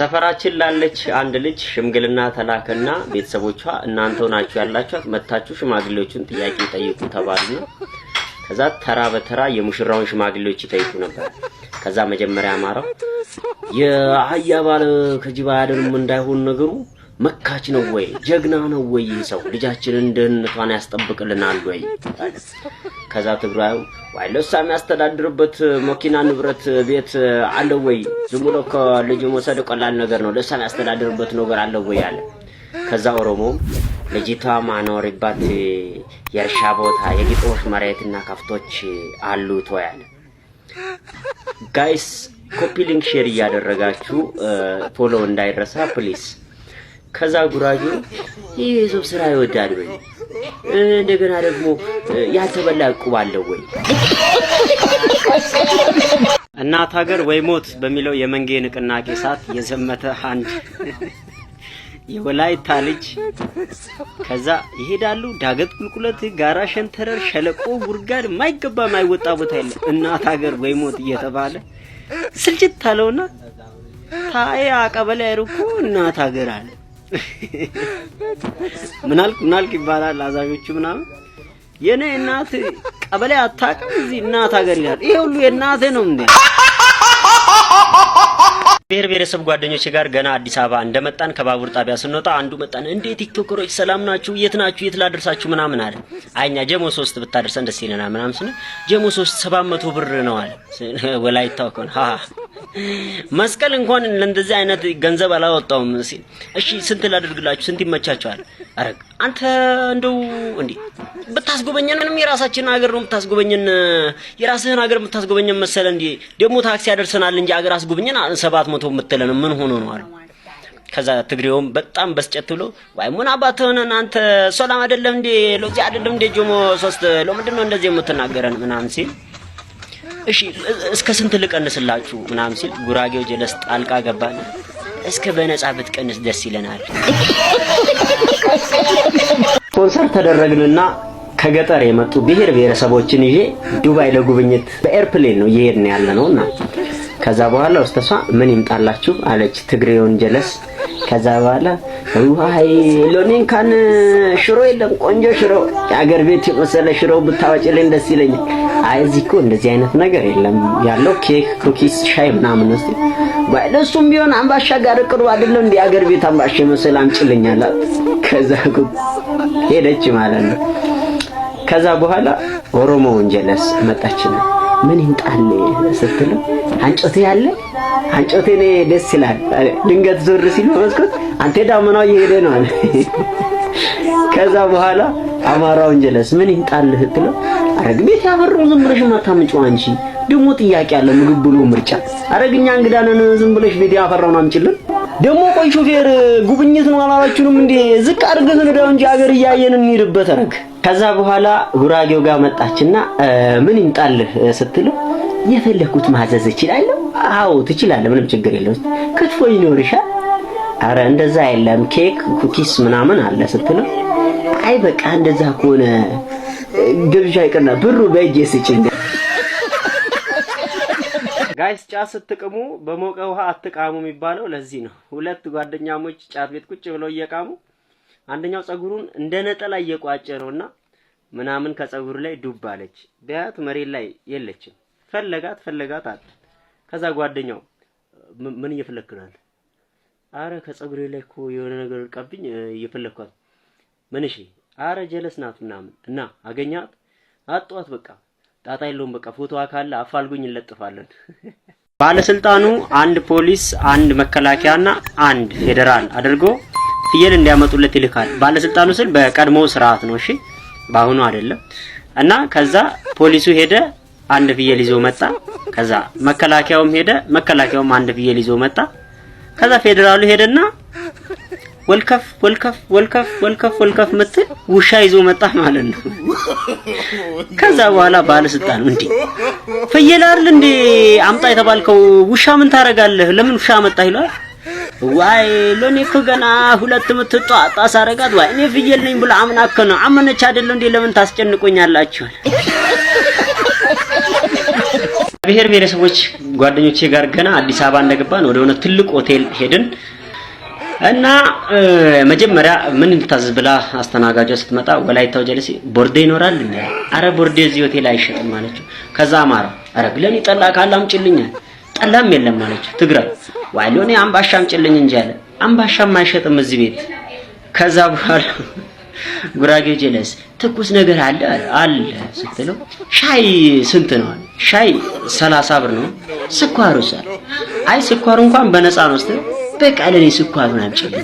ሰፈራችን ላለች አንድ ልጅ ሽምግልና ተላከና ቤተሰቦቿ እናንተው ናችሁ ያላችኋት መታችሁ ሽማግሌዎችን ጥያቄ ጠይቁ ተባሉና ከዛ ተራ በተራ የሙሽራውን ሽማግሌዎች ይጠይቁ ነበር። ከዛ መጀመሪያ አማራው የአህያ ባለ ከጅባ አያድንም እንዳይሆን ነገሩ መካች ነው ወይ? ጀግና ነው ወይ? ይህ ሰው ልጃችንን ደህንነቷን ያስጠብቅልናል ወይ? ከዛ ትግራዩ ወይ ለእሷ የሚያስተዳድርበት መኪና፣ ንብረት፣ ቤት አለ ወይ? ዝም ብሎ ከልጅ መውሰድ ቀላል ነገር ነው። ለእሷ የሚያስተዳድርበት ነገር አለ ወይ አለ። ከዛ ኦሮሞ ልጅቷ ማኖሪባት የእርሻ ቦታ የግጦሽ መሬትና ከፍቶች አሉት ወይ አለ። ጋይስ ኮፒ ሊንክ ሼር እያደረጋችሁ ፎሎ እንዳይረሳ ፕሊስ። ከዛ ጉራጆ የዩሱፍ ስራ ይወዳል ወይ? እንደገና ደግሞ ያልተበላ ዕቁብ አለው ወይ? እናት ሀገር ወይ ሞት በሚለው የመንጌ ንቅናቄ ሰዓት የዘመተ አንድ የወላይታ ልጅ ከዛ ይሄዳሉ። ዳገት፣ ቁልቁለት፣ ጋራ፣ ሸንተረር፣ ሸለቆ፣ ጉድጓድ ማይገባ የማይወጣ ቦታ የለም። እናት ሀገር ወይ ሞት እየተባለ ስልጭት አለውና ታዬ አቀበላ ይርኩ እናት ሀገር አለ። ምናልክ ምናልክ ይባላል አዛዦቹ ምናምን የኔ እናት ቀበሌ አታውቅም፣ እዚህ እናት ሀገር ይላል። ይሄ ሁሉ የእናቴ ነው እንዴ? ብሔር ብሔረሰብ ጓደኞቼ ጋር ገና አዲስ አበባ እንደመጣን ከባቡር ጣቢያ ስንወጣ አንዱ መጣን። እንዴት ቲክቶከሮች ሰላም ናችሁ? የት ናችሁ? የት ላደርሳችሁ? ምናምን አለ። አይኛ ጀሞ ሶስት ብታደርሰን ደስ ይለናል ምናምን ስንል ጀሞ ሶስት ሰባት መቶ ብር ነው አለ። ወላይታው ከሆነ መስቀል እንኳን ለእንደዚህ አይነት ገንዘብ አላወጣውም ሲል፣ እሺ ስንት ላደርግላችሁ? ስንት ይመቻቸዋል? አረ አንተ እንደው እንዴ ብታስጎበኘን፣ ምንም የራሳችንን ሀገር ነው ብታስጎበኘን፣ የራስህን ሀገር ብታስጎበኘን መሰለ። እንዴ ደግሞ ታክሲ ያደርሰናል እንጂ ሀገር አስጎበኘን ሰባት መቶ የምትለን ምን ሆኖ ነው አለ። ከዛ ትግሬውም በጣም በስጨት ብሎ ወይ ምን አባትህን አንተ ሰላም አይደለም እንዴ ሎዚ አይደለም እንዴ ጆሞ ሶስት ለምንድን ነው እንደዚህ የምትናገረን ምናምን ሲል እሺ እስከ ስንት ልቀንስላችሁ ምናምን ሲል ጉራጌው ጀለስ ጣልቃ ገባን። እስከ በነጻ ብትቀንስ ደስ ይለናል። ኮንሰርት ተደረግንና ከገጠር የመጡ ብሔር ብሔረሰቦችን ይዤ ዱባይ ለጉብኝት በኤርፕሌን ነው እየሄድን ያለ ከዛ በኋላ ውስተሷ ምን ይምጣላችሁ አለች ትግሬውን ጀለስ። ከዛ በኋላ ዋይ ሎኒን ካን ሽሮ የለም ቆንጆ ሽሮ የአገር ቤት የመሰለ ሽሮ ብታወጪልኝ ደስ ይለኛል። አይ እዚህ እኮ እንደዚህ አይነት ነገር የለም ያለው ኬክ፣ ኩኪስ፣ ሻይ ምናምን ነው። እሱም ቢሆን አምባሻ ጋር ቅርብ አይደለም እንደ ሀገር ቤት አምባሻ መሰል አምጪልኝ አላት። ከዛ ሄደች ማለት ነው። ከዛ በኋላ ኦሮሞ ወንጀለስ መጣች ነው ምን ይምጣል ስትለው አንጮቴ ያለ አንጮቴ ነው ደስ ይላል። ድንገት ዞር ሲል በመስኮት አንተ ዳመናው እየሄደ ነው አለ። ከዛ በኋላ አማራ ወንጀለስ ምን ይምጣልህ ስትለው ማድረግ ቤት ያፈራው ዝም ብለሽ ማታምጪው አንቺ። ደግሞ ጥያቄ አለ ምግብ ብሎ ምርጫ አረግኛ እንግዳ ነን። ዝም ብለሽ ቤት ያፈራውን አምጪልን። ደግሞ ቆይ ሾፌር ጉብኝት ነው አላላችሁንም እንዴ? ዝቅ አድርገህ ንዳው እንጂ አገር እያየን እንሂድበት። አረግ ከዛ በኋላ ጉራጌው ጋር መጣችና ምን ይምጣልህ ስትለው የፈለኩት ማዘዝ እችላለሁ። አዎ ትችላለህ፣ ምንም ችግር የለውም። ክትፎ ይኖርሻል? አረ እንደዛ የለም ኬክ፣ ኩኪስ ምናምን አለ ስትለው አይ በቃ እንደዛ ከሆነ ግብዣ ይቅርና ብሩ በእጄ ስጭኝ። ጋይስ ጫት ስትቅሙ በሞቀ ውሃ አትቃሙ የሚባለው ለዚህ ነው። ሁለት ጓደኛሞች ጫት ቤት ቁጭ ብለው እየቃሙ አንደኛው ጸጉሩን እንደ ነጠላ እየቋጨ ነውና ምናምን ከጸጉሩ ላይ ዱብ አለች። ቢያት መሬት ላይ የለችም። ፈለጋት ፈለጋት አለ። ከዛ ጓደኛው ምን እየፈለክ አረ ከጸጉሬ ላይ እኮ የሆነ ነገር ቀብኝ እየፈለኳት። ምን እሺ አረ ጀለስ ናት ምናምን እና አገኛት አጧት። በቃ ጣጣ የለውም። በቃ ፎቶ ካለ አፋልጉኝ እንለጥፋለን። ባለስልጣኑ አንድ ፖሊስ፣ አንድ መከላከያና አንድ ፌዴራል አድርጎ ፍየል እንዲያመጡለት ይልካል። ባለስልጣኑ ስል በቀድሞ ስርዓት ነው እሺ፣ በአሁኑ አይደለም። እና ከዛ ፖሊሱ ሄደ አንድ ፍየል ይዞ መጣ። ከዛ መከላከያውም ሄደ መከላከያውም አንድ ፍየል ይዞ መጣ። ከዛ ፌዴራሉ ሄደና ወልከፍ ወልከፍ ወልከፍ ወልከፍ ወልከፍ ምትል ውሻ ይዞ መጣ ማለት ነው። ከዛ በኋላ ባለስልጣን እንዴ ፍየል አይደል እንዴ አምጣ የተባልከው ውሻ ምን ታረጋለህ? ለምን ውሻ መጣ ይለዋል። ዋይ ለኔ እኮ ገና ሁለት ምትጧጣ ሳረጋት ዋይ እኔ ፍየል ነኝ ብሎ አምናከ ነው አመነች አይደል እንዴ ለምን ታስጨንቆኛላችሁ? ብሔር ብሔረሰቦች ጓደኞቼ ጋር ገና አዲስ አበባ እንደገባን ወደ ሆነ ትልቅ ሆቴል ሄድን። እና መጀመሪያ ምን ልታዝዝ ብላ አስተናጋጇ ስትመጣ ወላይታው ጀለሴ ቦርዴ ይኖራል እንዴ? አረ ቦርዴ እዚህ ሆቴል አይሸጥም ማለችው። ከዛ አማራ አረ ግለኔ ጠላ ካለ አምጪልኛል። ጠላም የለም ማለችው። ትግራይ ዋይሎኔ አምባሻ አምጪልኝ እንጂ አለ። አምባሻም አይሸጥም እዚህ ቤት። ከዛ በኋላ ጉራጌ ጀለስ ትኩስ ነገር አለ አለ ስትለው ሻይ ስንት ነው? ሻይ ሰላሳ ብር ነው። ስኳሩስ? አይ ስኳሩ እንኳን በነፃ ነው ስትለው በቃ ለኔ ስኳሩን አምጪልኝ።